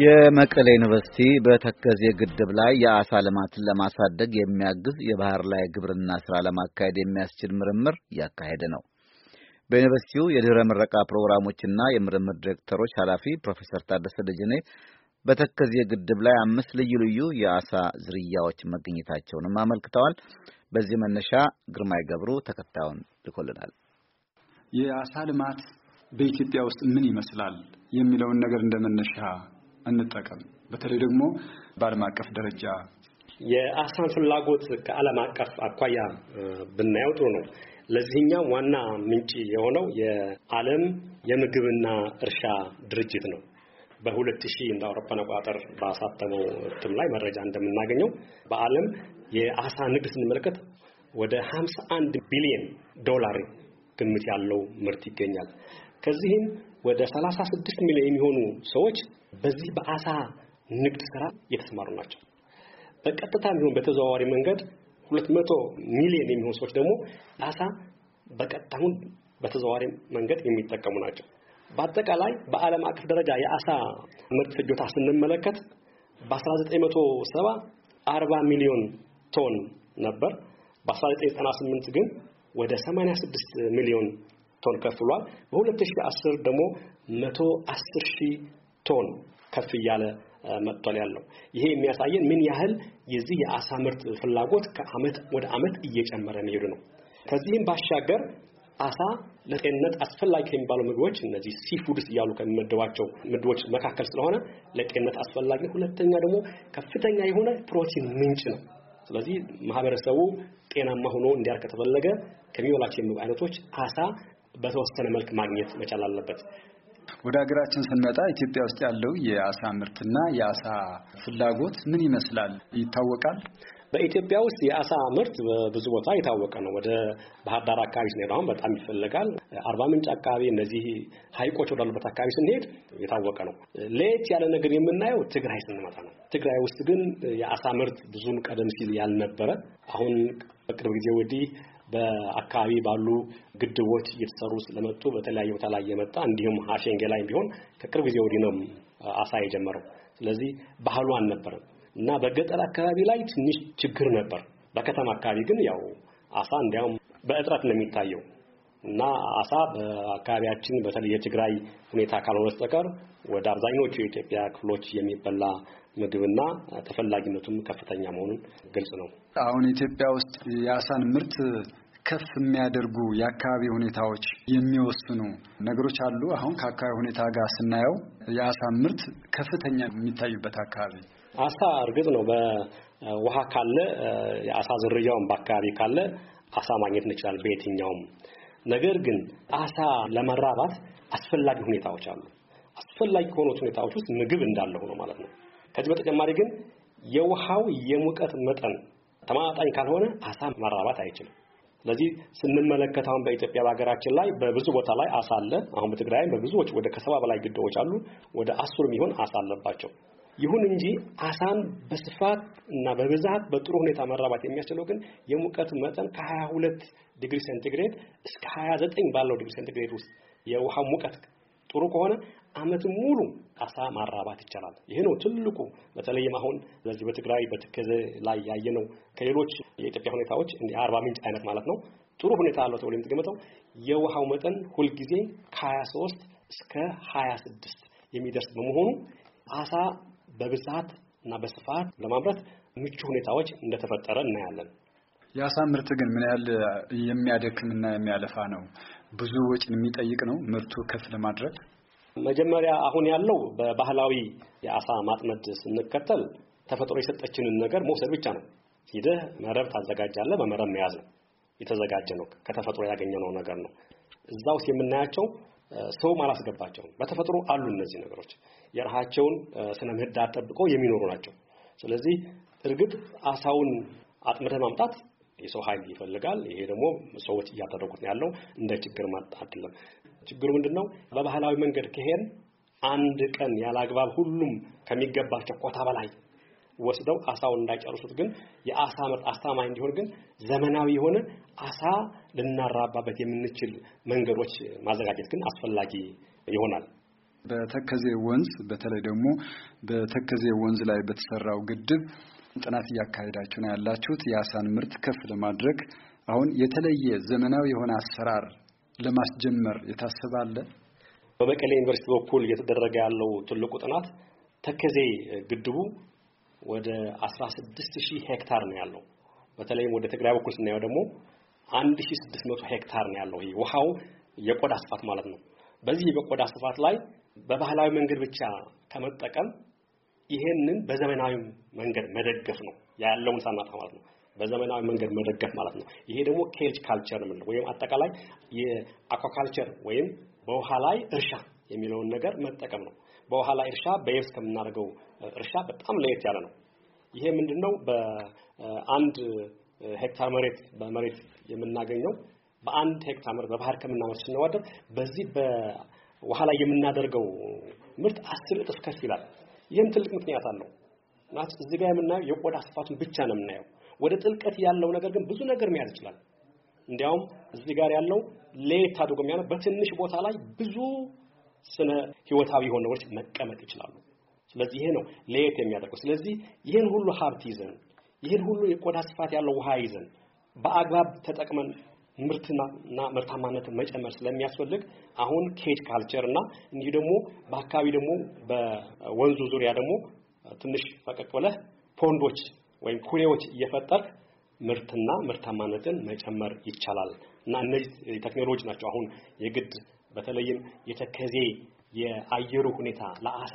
የመቀሌ ዩኒቨርሲቲ በተከዜ ግድብ ላይ የአሳ ልማትን ለማሳደግ የሚያግዝ የባህር ላይ ግብርና ስራ ለማካሄድ የሚያስችል ምርምር እያካሄደ ነው። በዩኒቨርሲቲው የድህረ ምረቃ ፕሮግራሞችና የምርምር ዲሬክተሮች ኃላፊ ፕሮፌሰር ታደሰ ደጀኔ በተከዜ ግድብ ላይ አምስት ልዩ ልዩ የአሳ ዝርያዎች መገኘታቸውንም አመልክተዋል። በዚህ መነሻ ግርማይ ገብሩ ተከታዩን ልኮልናል። የአሳ ልማት በኢትዮጵያ ውስጥ ምን ይመስላል የሚለውን ነገር እንደመነሻ እንጠቀም። በተለይ ደግሞ በዓለም አቀፍ ደረጃ የአሳን ፍላጎት ከዓለም አቀፍ አኳያ ብናየው ጥሩ ነው። ለዚህኛ ዋና ምንጭ የሆነው የዓለም የምግብና እርሻ ድርጅት ነው። በሁለት ሺህ እንደ አውሮፓን አቆጣጠር ባሳተመው እትም ላይ መረጃ እንደምናገኘው በዓለም የአሳ ንግድ ስንመለከት ወደ 51 ቢሊዮን ዶላር ግምት ያለው ምርት ይገኛል። ከዚህም ወደ 36 ሚሊዮን የሚሆኑ ሰዎች በዚህ በአሳ ንግድ ስራ እየተሰማሩ ናቸው። በቀጥታ የሚሆን በተዘዋዋሪ መንገድ 200 ሚሊዮን የሚሆኑ ሰዎች ደግሞ አሳ በቀጥታውን በተዘዋዋሪ መንገድ የሚጠቀሙ ናቸው። በአጠቃላይ በዓለም አቀፍ ደረጃ የአሳ ምርት ፍጆታ ስንመለከት በ1970 40 ሚሊዮን ቶን ነበር። በ1998 ግን ወደ 86 ሚሊዮን ቶን ብሏል በ በ2010 ደግሞ 110 ሺህ ቶን ከፍ እያለ መጥቷል ያለው ይሄ የሚያሳየን ምን ያህል የዚህ የአሳ ምርት ፍላጎት ከአመት ወደ አመት እየጨመረ መሄዱ ነው። ከዚህም ባሻገር አሳ ለጤንነት አስፈላጊ ከሚባሉ ምግቦች እነዚህ ሲፉድስ እያሉ ከሚመደቧቸው ምግቦች መካከል ስለሆነ ለጤንነት አስፈላጊ ሁለተኛ ደግሞ ከፍተኛ የሆነ ፕሮቲን ምንጭ ነው። ስለዚህ ማህበረሰቡ ጤናማ ሆኖ እንዲያርቅ ከተፈለገ ከሚበላቸው የምግብ አይነቶች አሳ በተወሰነ መልክ ማግኘት መቻል አለበት። ወደ ሀገራችን ስንመጣ ኢትዮጵያ ውስጥ ያለው የአሳ ምርትና የአሳ ፍላጎት ምን ይመስላል? ይታወቃል። በኢትዮጵያ ውስጥ የአሳ ምርት በብዙ ቦታ የታወቀ ነው። ወደ ባህር ዳር አካባቢ ስንሄድ አሁን በጣም ይፈለጋል። አርባ ምንጭ አካባቢ እነዚህ ሀይቆች ወዳሉበት አካባቢ ስንሄድ የታወቀ ነው። ለየት ያለ ነገር የምናየው ትግራይ ስንመጣ ነው። ትግራይ ውስጥ ግን የአሳ ምርት ብዙም ቀደም ሲል ያልነበረ አሁን በቅርብ ጊዜ ወዲህ በአካባቢ ባሉ ግድቦች እየተሰሩ ስለመጡ በተለያየ ቦታ ላይ እየመጣ እንዲሁም ሀሸንጌ ላይ ቢሆን ከቅርብ ጊዜ ወዲህ ነው አሳ የጀመረው። ስለዚህ ባህሉ አልነበረም እና በገጠር አካባቢ ላይ ትንሽ ችግር ነበር። በከተማ አካባቢ ግን ያው አሳ እንዲያውም በእጥረት ነው የሚታየው እና አሳ በአካባቢያችን በተለይ የትግራይ ሁኔታ ካልሆነ በስተቀር ወደ አብዛኞቹ የኢትዮጵያ ክፍሎች የሚበላ ምግብና ተፈላጊነቱም ከፍተኛ መሆኑን ግልጽ ነው። አሁን ኢትዮጵያ ውስጥ የአሳን ምርት ከፍ የሚያደርጉ የአካባቢ ሁኔታዎች የሚወስኑ ነገሮች አሉ። አሁን ከአካባቢ ሁኔታ ጋር ስናየው የአሳ ምርት ከፍተኛ የሚታዩበት አካባቢ አሳ እርግጥ ነው በውሃ ካለ የአሳ ዝርያውን በአካባቢ ካለ አሳ ማግኘት እንችላል በየትኛውም። ነገር ግን አሳ ለመራባት አስፈላጊ ሁኔታዎች አሉ። አስፈላጊ ከሆኑት ሁኔታዎች ውስጥ ምግብ እንዳለ ሆኖ ማለት ነው። ከዚህ በተጨማሪ ግን የውሃው የሙቀት መጠን ተመጣጣኝ ካልሆነ አሳ መራባት አይችልም። ስለዚህ ስንመለከት አሁን በኢትዮጵያ በሀገራችን ላይ በብዙ ቦታ ላይ አሳ አለ። አሁን በትግራይም በብዙዎች ወደ ከሰባ በላይ ግድቦች አሉ። ወደ አስር የሚሆን አሳ አለባቸው። ይሁን እንጂ አሳን በስፋት እና በብዛት በጥሩ ሁኔታ መራባት የሚያስችለው ግን የሙቀት መጠን ከ22 ዲግሪ ሴንቲግሬድ እስከ 29 ባለው ዲግሪ ሴንቲግሬድ ውስጥ የውሃ ሙቀት ጥሩ ከሆነ አመት ሙሉ አሳ ማራባት ይቻላል። ይሄ ነው ትልቁ በተለይም አሁን በዚህ በትግራይ በተከዘ ላይ ያየነው ከሌሎች የኢትዮጵያ ሁኔታዎች አርባ ምንጭ አይነት ማለት ነው ጥሩ ሁኔታ አለው ተብሎ የምትገምተው የውሃው መጠን ሁልጊዜ ከ23 እስከ 26 የሚደርስ በመሆኑ አሳ በብዛት እና በስፋት ለማምረት ምቹ ሁኔታዎች እንደተፈጠረ እናያለን። የአሳ ምርት ግን ምን ያህል የሚያደክምና የሚያለፋ ነው? ብዙ ወጪን የሚጠይቅ ነው ምርቱ ከፍ ለማድረግ። መጀመሪያ አሁን ያለው በባህላዊ የአሳ ማጥመድ ስንከተል ተፈጥሮ የሰጠችንን ነገር መውሰድ ብቻ ነው። ሂደህ መረብ ታዘጋጃለህ። በመረብ መያዝ ነው የተዘጋጀ ነው፣ ከተፈጥሮ ያገኘነው ነገር ነው። እዛ ውስጥ የምናያቸው ሰው አላስገባቸው በተፈጥሮ አሉ። እነዚህ ነገሮች የራሳቸውን ስነ ምህዳር ጠብቀው የሚኖሩ ናቸው። ስለዚህ እርግጥ አሳውን አጥምደህ ማምጣት የሰው ኃይል ይፈልጋል። ይሄ ደግሞ ሰዎች እያደረጉት ያለው እንደ ችግር አይደለም። ችግሩ ምንድነው? በባህላዊ መንገድ ከሄን አንድ ቀን ያለ አግባብ ሁሉም ከሚገባቸው ኮታ በላይ ወስደው አሳውን እንዳይጨርሱት ግን የአሳ ምርት አስተማማኝ እንዲሆን ግን ዘመናዊ የሆነ አሳ ልናራባበት የምንችል መንገዶች ማዘጋጀት ግን አስፈላጊ ይሆናል። በተከዜ ወንዝ በተለይ ደግሞ በተከዜ ወንዝ ላይ በተሰራው ግድብ ጥናት እያካሄዳችሁ ነው ያላችሁት። የአሳን ምርት ከፍ ለማድረግ አሁን የተለየ ዘመናዊ የሆነ አሰራር ለማስጀመር የታሰበ አለ። በመቀሌ ዩኒቨርሲቲ በኩል እየተደረገ ያለው ትልቁ ጥናት ተከዜ ግድቡ ወደ 16000 ሄክታር ነው ያለው። በተለይም ወደ ትግራይ በኩል ስናየው ደግሞ 1600 ሄክታር ነው ያለው። ይሄ ውሃው የቆዳ ስፋት ማለት ነው። በዚህ በቆዳ ስፋት ላይ በባህላዊ መንገድ ብቻ ከመጠቀም ይሄንን በዘመናዊ መንገድ መደገፍ ነው ያለውን ሳናጣ ማለት ነው። በዘመናዊ መንገድ መደገፍ ማለት ነው። ይሄ ደግሞ ኬጅ ካልቸር ነው የምንለው ወይም አጠቃላይ የአኳካልቸር ወይም በውሃ ላይ እርሻ የሚለውን ነገር መጠቀም ነው። በውሃላ እርሻ በየብስ ከምናደርገው እርሻ በጣም ለየት ያለ ነው። ይሄ ምንድነው? በአንድ ሄክታር መሬት በመሬት የምናገኘው በአንድ ሄክታር መሬት በባህር ከምናመርት ስናወዳድር በዚህ በውሃ ላይ የምናደርገው ምርት አስር እጥፍ ከፍ ይላል። ይህም ትልቅ ምክንያት አለው። ማለት እዚህ ጋር የምናየው የቆዳ ስፋቱን ብቻ ነው የምናየው። ወደ ጥልቀት ያለው ነገር ግን ብዙ ነገር መያዝ ይችላል። እንዲያውም እዚህ ጋር ያለው ለየት አድርጎ የሚያለው በትንሽ ቦታ ላይ ብዙ ስነ ህይወታዊ የሆኑ ነገሮች መቀመጥ ይችላሉ። ስለዚህ ይሄ ነው ለየት የሚያደርገው። ስለዚህ ይህን ሁሉ ሀብት ይዘን ይህን ሁሉ የቆዳ ስፋት ያለው ውሃ ይዘን በአግባብ ተጠቅመን ምርትና ምርታማነት መጨመር ስለሚያስፈልግ አሁን ኬጅ ካልቸር እና እንዲህ ደግሞ በአካባቢ ደግሞ በወንዙ ዙሪያ ደግሞ ትንሽ ፈቀቅ ብለህ ፖንዶች ወይም ኩሬዎች እየፈጠር ምርትና ምርታማነትን መጨመር ይቻላል እና እነዚህ ቴክኖሎጂ ናቸው አሁን የግድ በተለይም የተከዜ የአየሩ ሁኔታ ለአሳ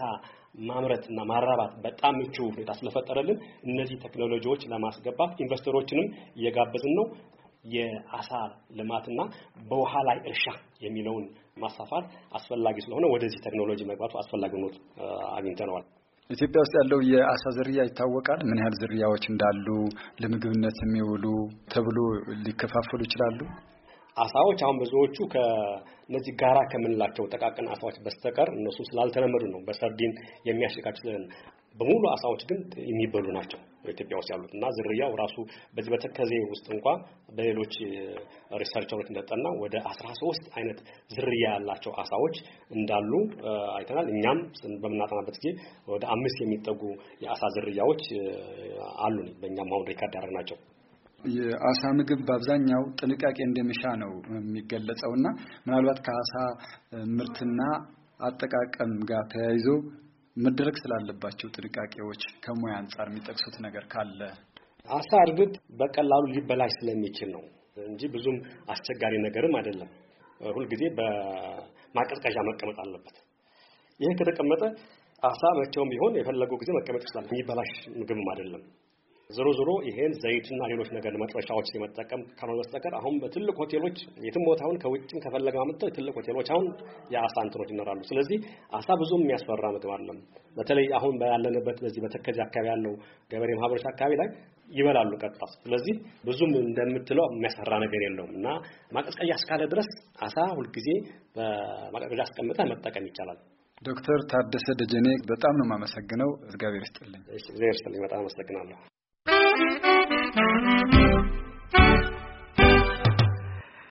ማምረት እና ማራባት በጣም ምቹ ሁኔታ ስለፈጠረልን እነዚህ ቴክኖሎጂዎች ለማስገባት ኢንቨስተሮችንም እየጋበዝን ነው። የአሳ ልማትና በውሃ ላይ እርሻ የሚለውን ማስፋፋት አስፈላጊ ስለሆነ ወደዚህ ቴክኖሎጂ መግባቱ አስፈላጊ አግኝተነዋል። ኢትዮጵያ ውስጥ ያለው የአሳ ዝርያ ይታወቃል። ምን ያህል ዝርያዎች እንዳሉ፣ ለምግብነት የሚውሉ ተብሎ ሊከፋፈሉ ይችላሉ? አሳዎች አሁን ብዙዎቹ ከነዚህ ጋራ ከምንላቸው ጠቃቅን አሳዎች በስተቀር እነሱ ስላልተለመዱ ነው በሰርዲን የሚያሸካችልን። በሙሉ አሳዎች ግን የሚበሉ ናቸው በኢትዮጵያ ውስጥ ያሉት እና ዝርያው ራሱ በዚህ በተከዜ ውስጥ እንኳ በሌሎች ሪሰርቸሮች እንደጠና ወደ 13 አይነት ዝርያ ያላቸው አሳዎች እንዳሉ አይተናል። እኛም በምናጠናበት ጊዜ ወደ አምስት የሚጠጉ የአሳ ዝርያዎች አሉን በእኛም አሁን ሪካርድ ያደረግናቸው የአሳ ምግብ በአብዛኛው ጥንቃቄ እንደሚሻ ነው የሚገለጸው እና ምናልባት ከአሳ ምርትና አጠቃቀም ጋር ተያይዞ መደረግ ስላለባቸው ጥንቃቄዎች ከሙያ አንጻር የሚጠቅሱት ነገር ካለ? አሳ እርግጥ በቀላሉ ሊበላሽ ስለሚችል ነው እንጂ ብዙም አስቸጋሪ ነገርም አይደለም። ሁልጊዜ በማቀዝቀዣ መቀመጥ አለበት። ይህ ከተቀመጠ አሳ መቼውም ቢሆን የፈለገው ጊዜ መቀመጥ ይችላል። የሚበላሽ ምግብም አይደለም። ዞሮ ዞሮ ይሄን ዘይትና ሌሎች ነገር መጥበሻዎች የመጠቀም ካልሆነ በስተቀር አሁን በትልቅ ሆቴሎች የትም ቦታውን ከውጭም ከፈለገ አምጥተው ትልቅ ሆቴሎች አሁን የአሳ እንትኖች ይኖራሉ። ስለዚህ አሳ ብዙም የሚያስፈራ ምግብ አለም። በተለይ አሁን ያለንበት በዚህ በተከዜ አካባቢ ያለው ገበሬ ማህበረሰብ አካባቢ ላይ ይበላሉ ቀጥታ። ስለዚህ ብዙም እንደምትለው የሚያስፈራ ነገር የለውም እና ማቀዝቀዣ እስካለ ድረስ አሳ ሁልጊዜ በማቀዝቀዣ አስቀምጠህ መጠቀም ይቻላል። ዶክተር ታደሰ ደጀኔ በጣም ነው የማመሰግነው። እግዚአብሔር ይስጥልኝ። እግዚአብሔር ይስጥልኝ። በጣም አመሰግናለሁ።